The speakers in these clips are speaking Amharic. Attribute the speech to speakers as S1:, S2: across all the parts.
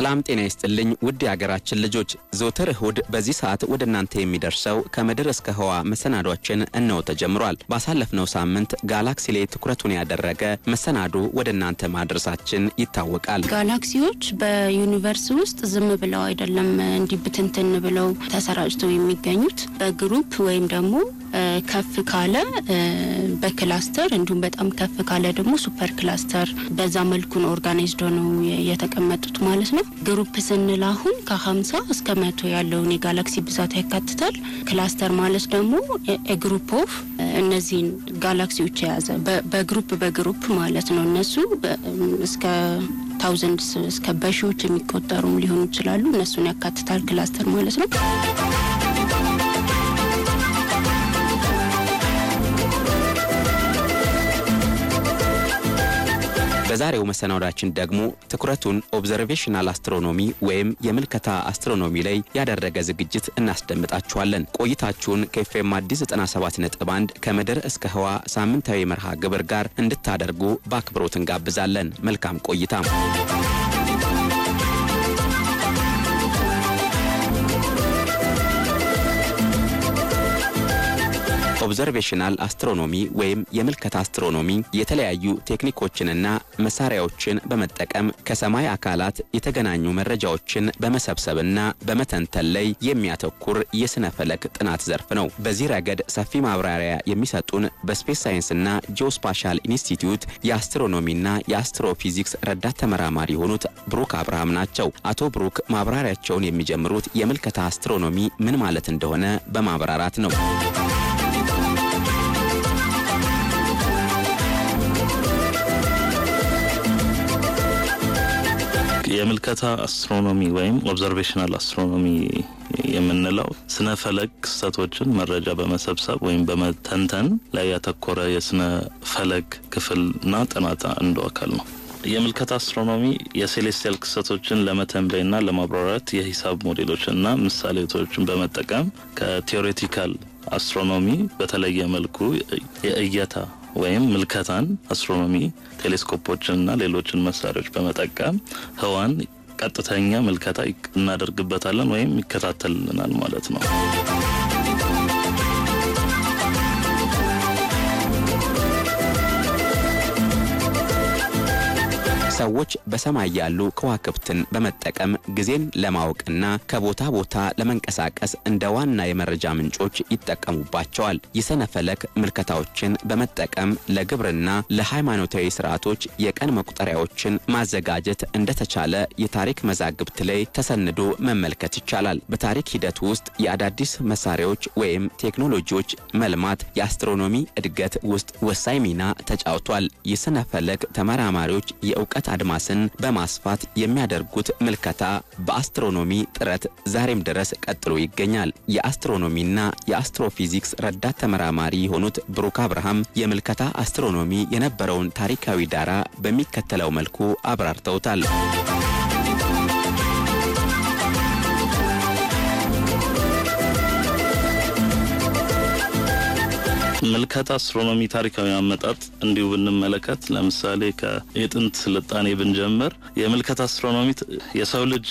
S1: ሰላም ጤና ይስጥልኝ ውድ የሀገራችን ልጆች፣ ዘወትር እሁድ በዚህ ሰዓት ወደ እናንተ የሚደርሰው ከምድር እስከ ህዋ መሰናዷችን እነሆ ተጀምሯል። ባሳለፍነው ሳምንት ጋላክሲ ላይ ትኩረቱን ያደረገ መሰናዶ ወደ እናንተ ማድረሳችን ይታወቃል። ጋላክሲዎች በዩኒቨርስ ውስጥ ዝም ብለው አይደለም እንዲህ ብትንትን ብለው ተሰራጭተው የሚገኙት በግሩፕ ወይም ደግሞ ከፍ ካለ በክላስተር እንዲሁም በጣም ከፍ ካለ ደግሞ ሱፐር ክላስተር በዛ መልኩ ነው ኦርጋናይዝድ ሆነው የተቀመጡት ማለት ነው። ግሩፕ ስንል አሁን ከሀምሳ እስከ መቶ ያለውን የጋላክሲ ብዛት ያካትታል። ክላስተር ማለት ደግሞ ግሩፕ ኦፍ እነዚህን ጋላክሲዎች የያዘ በግሩፕ በግሩፕ ማለት ነው። እነሱ እስከ ታውዘንድ እስከ በሺዎች የሚቆጠሩም ሊሆኑ ይችላሉ። እነሱን ያካትታል ክላስተር ማለት ነው። በዛሬው መሰናዶችን ደግሞ ትኩረቱን ኦብዘርቬሽናል አስትሮኖሚ ወይም የምልከታ አስትሮኖሚ ላይ ያደረገ ዝግጅት እናስደምጣችኋለን። ቆይታችሁን ከኤፍኤም አዲስ 97.1 ከምድር እስከ ህዋ ሳምንታዊ መርሃ ግብር ጋር እንድታደርጉ በአክብሮት እንጋብዛለን። መልካም ቆይታ። ኦብዘርቬሽናል አስትሮኖሚ ወይም የምልከት አስትሮኖሚ የተለያዩ ቴክኒኮችንና መሳሪያዎችን በመጠቀም ከሰማይ አካላት የተገናኙ መረጃዎችን በመሰብሰብና በመተንተን ላይ የሚያተኩር የስነ ፈለክ ጥናት ዘርፍ ነው። በዚህ ረገድ ሰፊ ማብራሪያ የሚሰጡን በስፔስ ሳይንስና ጂኦስፓሻል ኢንስቲትዩት የአስትሮኖሚና የአስትሮፊዚክስ ረዳት ተመራማሪ የሆኑት ብሩክ አብርሃም ናቸው። አቶ ብሩክ ማብራሪያቸውን የሚጀምሩት የምልከታ አስትሮኖሚ ምን ማለት እንደሆነ በማብራራት ነው።
S2: የምልከታ አስትሮኖሚ ወይም ኦብዘርቬሽናል አስትሮኖሚ የምንለው ስነ ፈለግ ክስተቶችን መረጃ በመሰብሰብ ወይም በመተንተን ላይ ያተኮረ የስነ ፈለክ ክፍልና ጥናት አንዱ አካል ነው። የምልከታ አስትሮኖሚ የሴሌስቲያል ክስተቶችን ለመተንበይና ለማብራራት የሂሳብ ና ምሳሌቶችን በመጠቀም ከቴዎሬቲካል አስትሮኖሚ በተለየ መልኩ የእየታ ወይም ምልከታን አስትሮኖሚ ቴሌስኮፖችንና ሌሎችን መሳሪያዎች በመጠቀም ህዋን ቀጥተኛ ምልከታ እናደርግበታለን ወይም ይከታተልልናል ማለት ነው።
S1: ሰዎች በሰማይ ያሉ ከዋክብትን በመጠቀም ጊዜን ለማወቅና ከቦታ ቦታ ለመንቀሳቀስ እንደ ዋና የመረጃ ምንጮች ይጠቀሙባቸዋል። የሰነፈለክ ምልከታዎችን በመጠቀም ለግብርና፣ ለሃይማኖታዊ ስርዓቶች የቀን መቁጠሪያዎችን ማዘጋጀት እንደተቻለ የታሪክ መዛግብት ላይ ተሰንዶ መመልከት ይቻላል። በታሪክ ሂደት ውስጥ የአዳዲስ መሳሪያዎች ወይም ቴክኖሎጂዎች መልማት የአስትሮኖሚ እድገት ውስጥ ወሳኝ ሚና ተጫውቷል። የስነ ፈለክ ተመራማሪዎች የእውቀት አድማስን በማስፋት የሚያደርጉት ምልከታ በአስትሮኖሚ ጥረት ዛሬም ድረስ ቀጥሎ ይገኛል። የአስትሮኖሚና የአስትሮፊዚክስ ረዳት ተመራማሪ የሆኑት ብሩክ አብርሃም የምልከታ አስትሮኖሚ የነበረውን ታሪካዊ ዳራ በሚከተለው መልኩ አብራርተውታል።
S2: ምልከት አስትሮኖሚ ታሪካዊ አመጣጥ እንዲሁ ብንመለከት ለምሳሌ የጥንት ስልጣኔ ብንጀምር የምልከት አስትሮኖሚ የሰው ልጅ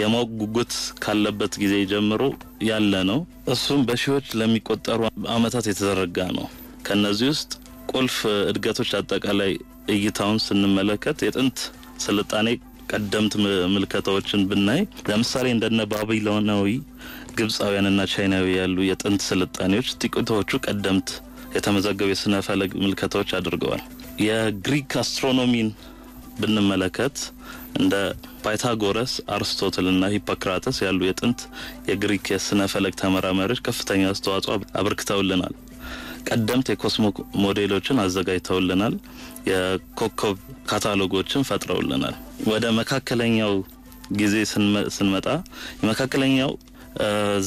S2: የማወቅ ጉጉት ካለበት ጊዜ ጀምሮ ያለ ነው። እሱም በሺዎች ለሚቆጠሩ አመታት የተዘረጋ ነው። ከነዚህ ውስጥ ቁልፍ እድገቶች አጠቃላይ እይታውን ስንመለከት የጥንት ስልጣኔ ቀደምት ምልከታዎችን ብናይ ለምሳሌ እንደነ ባቢሎናዊ፣ ግብፃውያንና ቻይናዊ ያሉ የጥንት ስልጣኔዎች ጥቂቶቹ ቀደምት የተመዘገቡ የስነ ፈለግ ምልከታዎች አድርገዋል። የግሪክ አስትሮኖሚን ብንመለከት እንደ ፓይታጎረስ፣ አርስቶትል ሂፖክራተስ ያሉ የጥንት የግሪክ የስነ ፈለግ ተመራማሪዎች ከፍተኛ አስተዋጽኦ አበርክተውልናል። ቀደምት የኮስሞ ሞዴሎችን አዘጋጅተውልናል። የኮከብ ካታሎጎችን ፈጥረውልናል። ወደ መካከለኛው ጊዜ ስንመጣ የመካከለኛው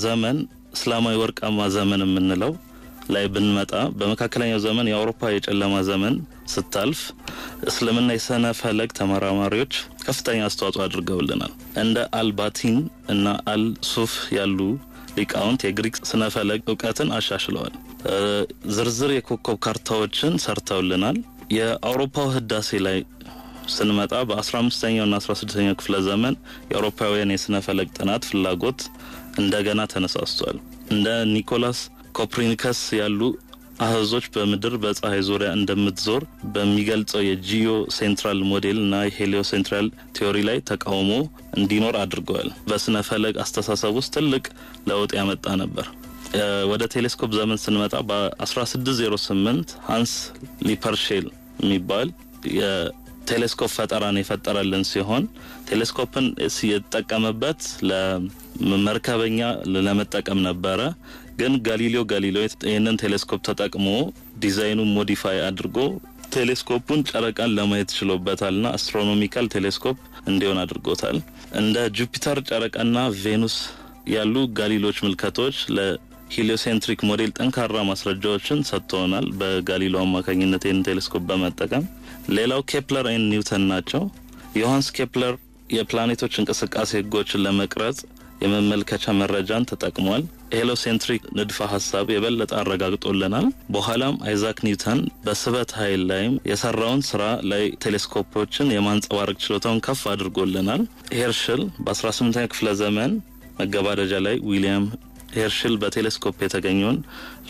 S2: ዘመን እስላማዊ ወርቃማ ዘመን የምንለው ላይ ብንመጣ በመካከለኛው ዘመን የአውሮፓ የጨለማ ዘመን ስታልፍ እስልምና የስነ ፈለግ ተመራማሪዎች ከፍተኛ አስተዋጽኦ አድርገውልናል። እንደ አልባቲን እና አልሱፍ ያሉ ሊቃውንት የግሪክ ስነ ፈለግ እውቀትን አሻሽለዋል። ዝርዝር የኮከብ ካርታዎችን ሰርተውልናል። የአውሮፓው ህዳሴ ላይ ስንመጣ በ15ኛው ና 16ኛው ክፍለ ዘመን የአውሮፓውያን የስነ ፈለግ ጥናት ፍላጎት እንደገና ተነሳስቷል። እንደ ኒኮላስ ኮፕሪኒከስ ያሉ አህዞች በምድር በፀሐይ ዙሪያ እንደምትዞር በሚገልጸው የጂኦ ሴንትራል ሞዴል እና የሄሊዮ ሴንትራል ቲዮሪ ላይ ተቃውሞ እንዲኖር አድርገዋል። በስነ ፈለግ አስተሳሰብ ውስጥ ትልቅ ለውጥ ያመጣ ነበር። ወደ ቴሌስኮፕ ዘመን ስንመጣ በ1608 ሃንስ ሊፐርሼል የሚባል ቴሌስኮፕ ፈጠራን የፈጠረልን ሲሆን ቴሌስኮፕን የተጠቀመበት ለመርከበኛ ለመጠቀም ነበረ። ግን ጋሊሌዮ ጋሊሎ ይህንን ቴሌስኮፕ ተጠቅሞ ዲዛይኑን ሞዲፋይ አድርጎ ቴሌስኮፑን ጨረቃን ለማየት ችሎበታልና አስትሮኖሚካል ቴሌስኮፕ እንዲሆን አድርጎታል። እንደ ጁፒተር ጨረቃና ቬኑስ ያሉ ጋሊሎች ምልከቶች ለሂሊዮሴንትሪክ ሞዴል ጠንካራ ማስረጃዎችን ሰጥተውናል። በጋሊሎ አማካኝነት ይህን ቴሌስኮፕ በመጠቀም ሌላው ኬፕለር ኤን ኒውተን ናቸው። ዮሐንስ ኬፕለር የፕላኔቶች እንቅስቃሴ ህጎችን ለመቅረጽ የመመልከቻ መረጃን ተጠቅሟል። ሄሎሴንትሪክ ንድፈ ሀሳብ የበለጠ አረጋግጦልናል። በኋላም አይዛክ ኒውተን በስበት ኃይል ላይም የሰራውን ስራ ላይ ቴሌስኮፖችን የማንጸባረቅ ችሎታውን ከፍ አድርጎልናል። ሄርሽል በ18ኛ ክፍለ ዘመን መገባደጃ ላይ ዊሊያም ሄርሽል በቴሌስኮፕ የተገኘውን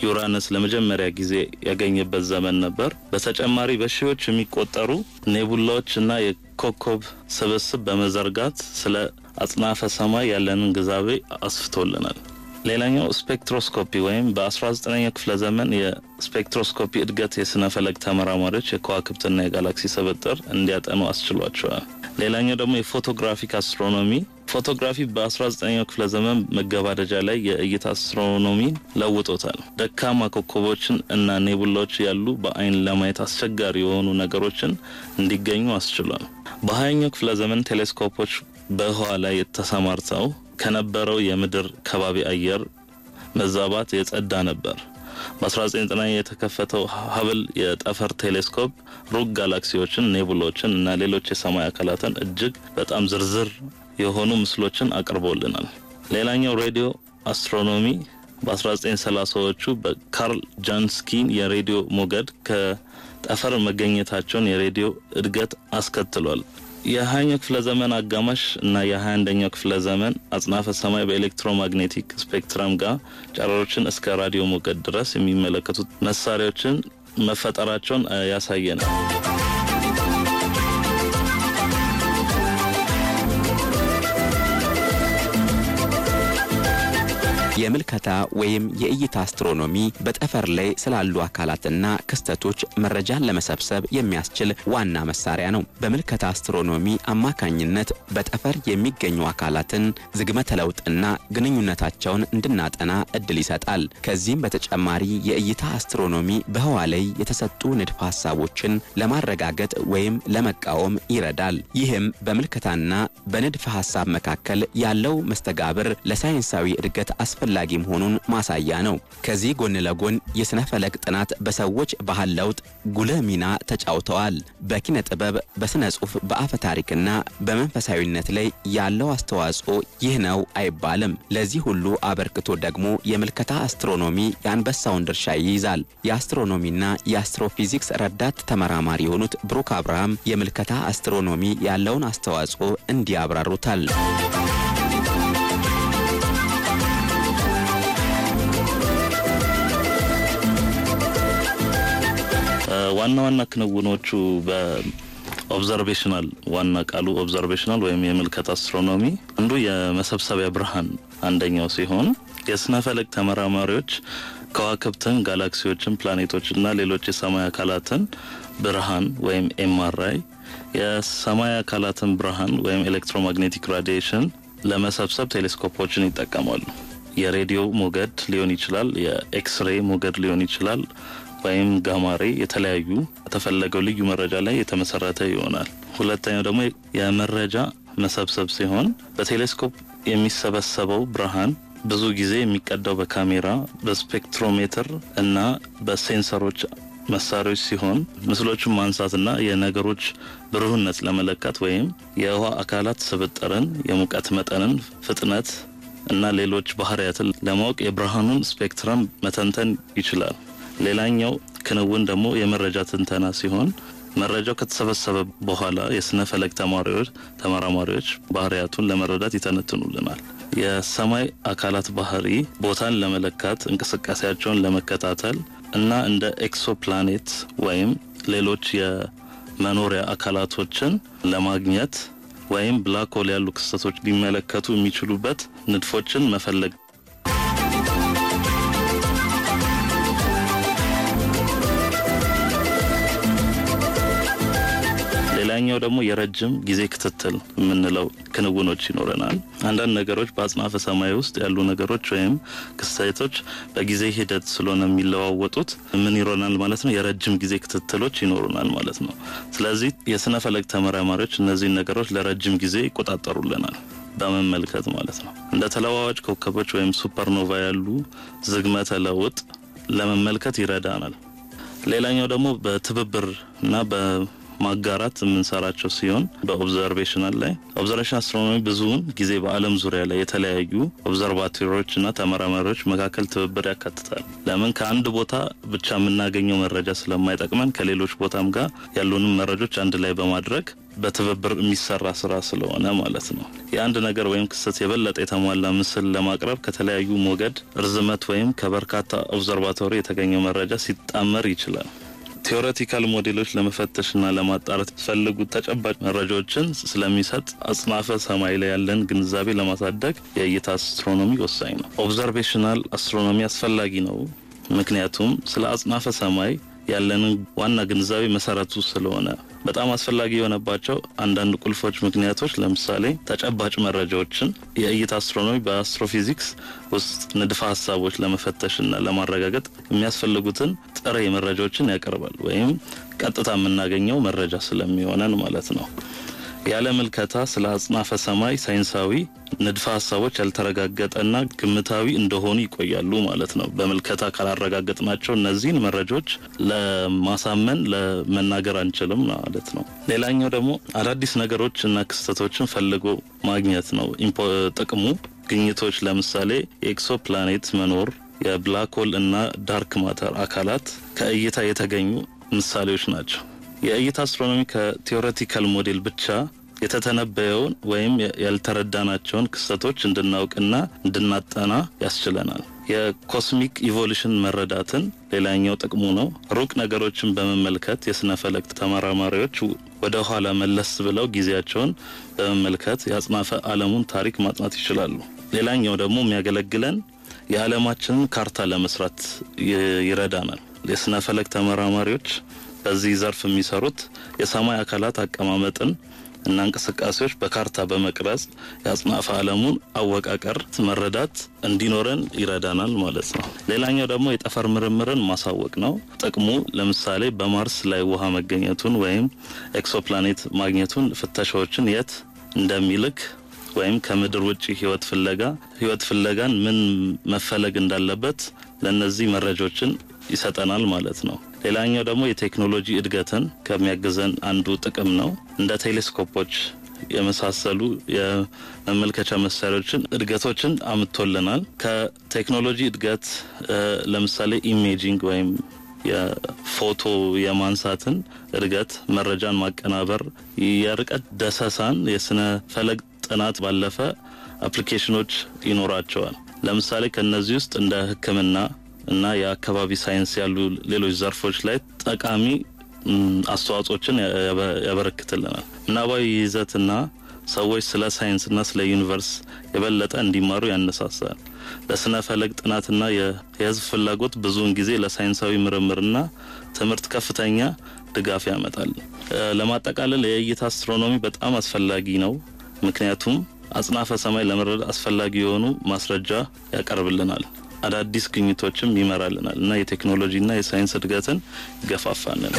S2: ዩራነስ ለመጀመሪያ ጊዜ ያገኘበት ዘመን ነበር። በተጨማሪ በሺዎች የሚቆጠሩ ኔቡላዎች እና የኮከብ ስብስብ በመዘርጋት ስለ አጽናፈ ሰማይ ያለንን ግዛቤ አስፍቶልናል። ሌላኛው ስፔክትሮስኮፒ ወይም በ19ኛው ክፍለ ዘመን የስፔክትሮስኮፒ እድገት የስነ ፈለግ ተመራማሪዎች የከዋክብትና የጋላክሲ ስብጥር እንዲያጠኑ አስችሏቸዋል። ሌላኛው ደግሞ የፎቶግራፊክ አስትሮኖሚ ፎቶግራፊ በ19ኛው ክፍለ ዘመን መገባደጃ ላይ የእይታ አስትሮኖሚ ለውጦታል። ደካማ ኮከቦችን እና ኔቡላዎች ያሉ በአይን ለማየት አስቸጋሪ የሆኑ ነገሮችን እንዲገኙ አስችሏል። በ20ኛው ክፍለ ዘመን ቴሌስኮፖች በህዋ ላይ የተሰማርተው ከነበረው የምድር ከባቢ አየር መዛባት የጸዳ ነበር። በ1990 የተከፈተው ሀብል የጠፈር ቴሌስኮፕ ሩቅ ጋላክሲዎችን፣ ኔቡሎችን እና ሌሎች የሰማይ አካላትን እጅግ በጣም ዝርዝር የሆኑ ምስሎችን አቅርቦልናል። ሌላኛው ሬዲዮ አስትሮኖሚ በ1930ዎቹ በካርል ጃንስኪን የሬዲዮ ሞገድ ከጠፈር መገኘታቸውን የሬዲዮ እድገት አስከትሏል። የሀያኛው ክፍለ ዘመን አጋማሽ እና የሀያ አንደኛው ክፍለ ዘመን አጽናፈ ሰማይ በኤሌክትሮማግኔቲክ ስፔክትረም ጋር ጨረሮችን እስከ ራዲዮ ሞገድ ድረስ የሚመለከቱት መሳሪያዎችን መፈጠራቸውን ያሳየናል።
S1: የምልከታ ወይም የእይታ አስትሮኖሚ በጠፈር ላይ ስላሉ አካላትና ክስተቶች መረጃን ለመሰብሰብ የሚያስችል ዋና መሳሪያ ነው። በምልከታ አስትሮኖሚ አማካኝነት በጠፈር የሚገኙ አካላትን ዝግመተ ለውጥና ግንኙነታቸውን እንድናጠና እድል ይሰጣል። ከዚህም በተጨማሪ የእይታ አስትሮኖሚ በህዋ ላይ የተሰጡ ንድፈ ሀሳቦችን ለማረጋገጥ ወይም ለመቃወም ይረዳል። ይህም በምልከታና በንድፈ ሀሳብ መካከል ያለው መስተጋብር ለሳይንሳዊ እድገት አስፈ አስፈላጊ መሆኑን ማሳያ ነው። ከዚህ ጎን ለጎን የሥነ ፈለክ ጥናት በሰዎች ባህል ለውጥ ጉልህ ሚና ተጫውተዋል። በኪነ ጥበብ፣ በሥነ ጽሑፍ፣ በአፈ ታሪክና በመንፈሳዊነት ላይ ያለው አስተዋጽኦ ይህ ነው አይባልም። ለዚህ ሁሉ አበርክቶ ደግሞ የምልከታ አስትሮኖሚ የአንበሳውን ድርሻ ይይዛል። የአስትሮኖሚና የአስትሮፊዚክስ ረዳት ተመራማሪ የሆኑት ብሩክ አብርሃም የምልከታ አስትሮኖሚ ያለውን አስተዋጽኦ እንዲያብራሩታል።
S2: ዋና ዋና ክንውኖቹ ኦብዘርቬሽናል ዋና ቃሉ ኦብዘርቬሽናል ወይም የምልከት አስትሮኖሚ አንዱ የመሰብሰቢያ ብርሃን አንደኛው ሲሆን የስነ ፈለግ ተመራማሪዎች ከዋክብትን፣ ጋላክሲዎችን፣ ፕላኔቶችና ሌሎች የሰማይ አካላትን ብርሃን ወይም ኤምአርአይ የሰማይ አካላትን ብርሃን ወይም ኤሌክትሮማግኔቲክ ራዲሽን ለመሰብሰብ ቴሌስኮፖችን ይጠቀማሉ። የሬዲዮ ሞገድ ሊሆን ይችላል። የኤክስሬ ሞገድ ሊሆን ይችላል። ወይም ጋማሬ የተለያዩ የተፈለገው ልዩ መረጃ ላይ የተመሰረተ ይሆናል። ሁለተኛው ደግሞ የመረጃ መሰብሰብ ሲሆን በቴሌስኮፕ የሚሰበሰበው ብርሃን ብዙ ጊዜ የሚቀዳው በካሜራ በስፔክትሮሜትር እና በሴንሰሮች መሳሪያዎች ሲሆን ምስሎችን ማንሳትና የነገሮች ብሩህነት ለመለካት ወይም የውሃ አካላት ስብጥርን፣ የሙቀት መጠንን፣ ፍጥነት እና ሌሎች ባህሪያትን ለማወቅ የብርሃኑን ስፔክትረም መተንተን ይችላል። ሌላኛው ክንውን ደግሞ የመረጃ ትንተና ሲሆን መረጃው ከተሰበሰበ በኋላ የስነ ፈለግ ተማሪዎች ተመራማሪዎች ባህሪያቱን ለመረዳት ይተነትኑልናል። የሰማይ አካላት ባህሪ ቦታን ለመለካት እንቅስቃሴያቸውን ለመከታተል እና እንደ ኤክሶፕላኔት ወይም ሌሎች የመኖሪያ አካላቶችን ለማግኘት ወይም ብላክ ሆል ያሉ ክስተቶች ሊመለከቱ የሚችሉበት ንድፎችን መፈለግ ሌላኛው ደግሞ የረጅም ጊዜ ክትትል የምንለው ክንውኖች ይኖረናል። አንዳንድ ነገሮች በአጽናፈ ሰማይ ውስጥ ያሉ ነገሮች ወይም ክስተቶች በጊዜ ሂደት ስለሆነ የሚለዋወጡት ምን ይሮናል ማለት ነው፣ የረጅም ጊዜ ክትትሎች ይኖሩናል ማለት ነው። ስለዚህ የስነ ፈለግ ተመራማሪዎች እነዚህን ነገሮች ለረጅም ጊዜ ይቆጣጠሩልናል በመመልከት ማለት ነው። እንደ ተለዋዋጭ ኮከቦች ወይም ሱፐርኖቫ ያሉ ዝግመተ ለውጥ ለመመልከት ይረዳናል። ሌላኛው ደግሞ በትብብር እና ማጋራት የምንሰራቸው ሲሆን በኦብዘርቬሽናል ላይ ኦብዘርቬሽን አስትሮኖሚ ብዙውን ጊዜ በዓለም ዙሪያ ላይ የተለያዩ ኦብዘርቫቶሪዎች እና ተመራማሪዎች መካከል ትብብር ያካትታል። ለምን ከአንድ ቦታ ብቻ የምናገኘው መረጃ ስለማይጠቅመን ከሌሎች ቦታም ጋር ያሉንም መረጆች አንድ ላይ በማድረግ በትብብር የሚሰራ ስራ ስለሆነ ማለት ነው። የአንድ ነገር ወይም ክስተት የበለጠ የተሟላ ምስል ለማቅረብ ከተለያዩ ሞገድ፣ ርዝመት ወይም ከበርካታ ኦብዘርቫቶሪ የተገኘ መረጃ ሲጣመር ይችላል። ቴዎሬቲካል ሞዴሎች ለመፈተሽና ለማጣራት ፈልጉ ተጨባጭ መረጃዎችን ስለሚሰጥ አጽናፈ ሰማይ ላይ ያለን ግንዛቤ ለማሳደግ የእይታ አስትሮኖሚ ወሳኝ ነው። ኦብዘርቬሽናል አስትሮኖሚ አስፈላጊ ነው። ምክንያቱም ስለ አጽናፈ ሰማይ ያለንን ዋና ግንዛቤ መሰረቱ ስለሆነ በጣም አስፈላጊ የሆነባቸው አንዳንድ ቁልፎች ምክንያቶች ለምሳሌ ተጨባጭ መረጃዎችን የእይታ አስትሮኖሚ በአስትሮፊዚክስ ውስጥ ንድፈ ሀሳቦች ለመፈተሽና ለማረጋገጥ የሚያስፈልጉትን ጥሬ መረጃዎችን ያቀርባል ወይም ቀጥታ የምናገኘው መረጃ ስለሚሆነን ማለት ነው። ያለ ምልከታ ስለ አጽናፈ ሰማይ ሳይንሳዊ ንድፈ ሀሳቦች ያልተረጋገጠና ግምታዊ እንደሆኑ ይቆያሉ ማለት ነው። በምልከታ ካላረጋገጥናቸው እነዚህን መረጃዎች ለማሳመን ለመናገር አንችልም ማለት ነው። ሌላኛው ደግሞ አዳዲስ ነገሮች እና ክስተቶችን ፈልጎ ማግኘት ነው። ጥቅሙ ግኝቶች ለምሳሌ የኤክሶ ፕላኔት መኖር፣ የብላክ ሆል እና ዳርክ ማተር አካላት ከእይታ የተገኙ ምሳሌዎች ናቸው። የእይታ አስትሮኖሚ ከቴዎሬቲካል ሞዴል ብቻ የተተነበየውን ወይም ያልተረዳናቸውን ክስተቶች እንድናውቅና እንድናጠና ያስችለናል። የኮስሚክ ኢቮሉሽን መረዳትን ሌላኛው ጥቅሙ ነው። ሩቅ ነገሮችን በመመልከት የስነ ፈለክ ተመራማሪዎች ወደ ኋላ መለስ ብለው ጊዜያቸውን በመመልከት የአጽናፈ ዓለሙን ታሪክ ማጥናት ይችላሉ። ሌላኛው ደግሞ የሚያገለግለን የዓለማችንን ካርታ ለመስራት ይረዳናል። የስነ ፈለክ ተመራማሪዎች በዚህ ዘርፍ የሚሰሩት የሰማይ አካላት አቀማመጥን እና እንቅስቃሴዎች በካርታ በመቅረጽ የአጽናፈ ዓለሙን አወቃቀር መረዳት እንዲኖረን ይረዳናል ማለት ነው። ሌላኛው ደግሞ የጠፈር ምርምርን ማሳወቅ ነው። ጥቅሙ ለምሳሌ በማርስ ላይ ውሃ መገኘቱን ወይም ኤክሶፕላኔት ማግኘቱን ፍተሻዎችን የት እንደሚልክ ወይም ከምድር ውጭ ህይወት ፍለጋ ህይወት ፍለጋን ምን መፈለግ እንዳለበት ለእነዚህ መረጃዎችን ይሰጠናል ማለት ነው። ሌላኛው ደግሞ የቴክኖሎጂ እድገትን ከሚያግዘን አንዱ ጥቅም ነው። እንደ ቴሌስኮፖች የመሳሰሉ የመመልከቻ መሳሪያዎችን እድገቶችን አምቶልናል። ከቴክኖሎጂ እድገት ለምሳሌ ኢሜጂንግ ወይም የፎቶ የማንሳትን እድገት፣ መረጃን ማቀናበር፣ የርቀት ደሰሳን የስነ ፈለግ ጥናት ባለፈ አፕሊኬሽኖች ይኖራቸዋል። ለምሳሌ ከእነዚህ ውስጥ እንደ ሕክምና እና የአካባቢ ሳይንስ ያሉ ሌሎች ዘርፎች ላይ ጠቃሚ አስተዋጽኦችን ያበረክትልናል። ምናባዊ ይዘትና ሰዎች ስለ ሳይንስና ስለ ዩኒቨርስ የበለጠ እንዲማሩ ያነሳሳል። ለስነ ፈለግ ጥናትና የህዝብ ፍላጎት ብዙውን ጊዜ ለሳይንሳዊ ምርምርና ትምህርት ከፍተኛ ድጋፍ ያመጣል። ለማጠቃለል የእይታ አስትሮኖሚ በጣም አስፈላጊ ነው፣ ምክንያቱም አጽናፈ ሰማይ ለመረዳት አስፈላጊ የሆኑ ማስረጃ ያቀርብልናል። አዳዲስ ግኝቶችም ይመራልናል እና የቴክኖሎጂና የሳይንስ እድገትን ይገፋፋናል።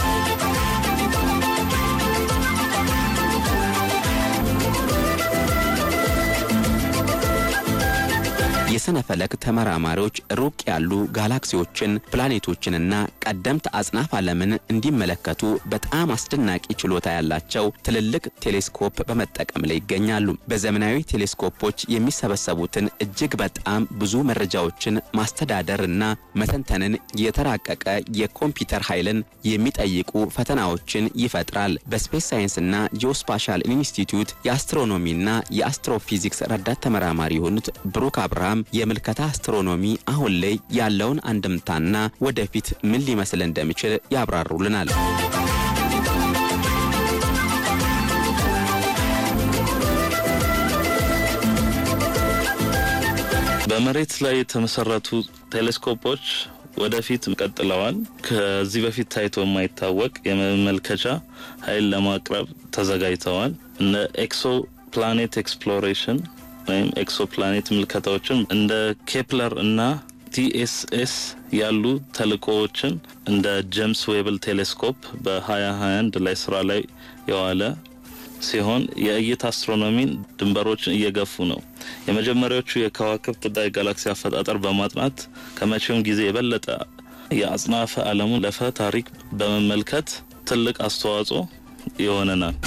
S1: የስነ ፈለክ ተመራማሪዎች ሩቅ ያሉ ጋላክሲዎችን፣ ፕላኔቶችንና ቀደምት አጽናፍ ዓለምን እንዲመለከቱ በጣም አስደናቂ ችሎታ ያላቸው ትልልቅ ቴሌስኮፕ በመጠቀም ላይ ይገኛሉ። በዘመናዊ ቴሌስኮፖች የሚሰበሰቡትን እጅግ በጣም ብዙ መረጃዎችን ማስተዳደር እና መተንተንን የተራቀቀ የኮምፒውተር ኃይልን የሚጠይቁ ፈተናዎችን ይፈጥራል። በስፔስ ሳይንስና ጂኦስፓሻል ኢንስቲትዩት የአስትሮኖሚ እና የአስትሮፊዚክስ ረዳት ተመራማሪ የሆኑት ብሩክ አብርሃም የምልከታ አስትሮኖሚ አሁን ላይ ያለውን አንድምታና ወደፊት ምን ሊመስል እንደሚችል ያብራሩልናል።
S2: በመሬት ላይ የተመሰረቱ ቴሌስኮፖች ወደፊት ቀጥለዋል። ከዚህ በፊት ታይቶ የማይታወቅ የመመልከቻ ኃይል ለማቅረብ ተዘጋጅተዋል። እነ ኤክሶ ፕላኔት ኤክስፕሎሬሽን ወይም ኤክሶ ፕላኔት ምልከታዎችን እንደ ኬፕለር እና ቲኤስኤስ ያሉ ተልእኮዎችን እንደ ጀምስ ዌብል ቴሌስኮፕ በ2021 ላይ ስራ ላይ የዋለ ሲሆን የእይታ አስትሮኖሚን ድንበሮችን እየገፉ ነው። የመጀመሪያዎቹ የከዋክብት እና ጋላክሲ አፈጣጠር በማጥናት ከመቼውም ጊዜ የበለጠ የአጽናፈ ዓለሙን ለፈ ታሪክ በመመልከት ትልቅ አስተዋጽኦ ይሆነናል።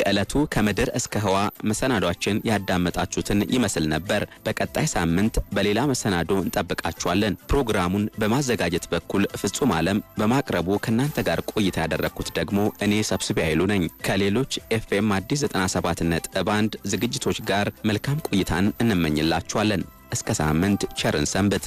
S1: የዕለቱ ከምድር እስከ ህዋ መሰናዷችን ያዳመጣችሁትን ይመስል ነበር። በቀጣይ ሳምንት በሌላ መሰናዶ እንጠብቃችኋለን። ፕሮግራሙን በማዘጋጀት በኩል ፍጹም ዓለም፣ በማቅረቡ ከእናንተ ጋር ቆይታ ያደረግኩት ደግሞ እኔ ሰብስቤ አይሉ ነኝ። ከሌሎች ኤፍኤም አዲስ 97 ነጥብ አንድ ዝግጅቶች ጋር መልካም ቆይታን እንመኝላችኋለን። እስከ ሳምንት ቸርን ሰንብት።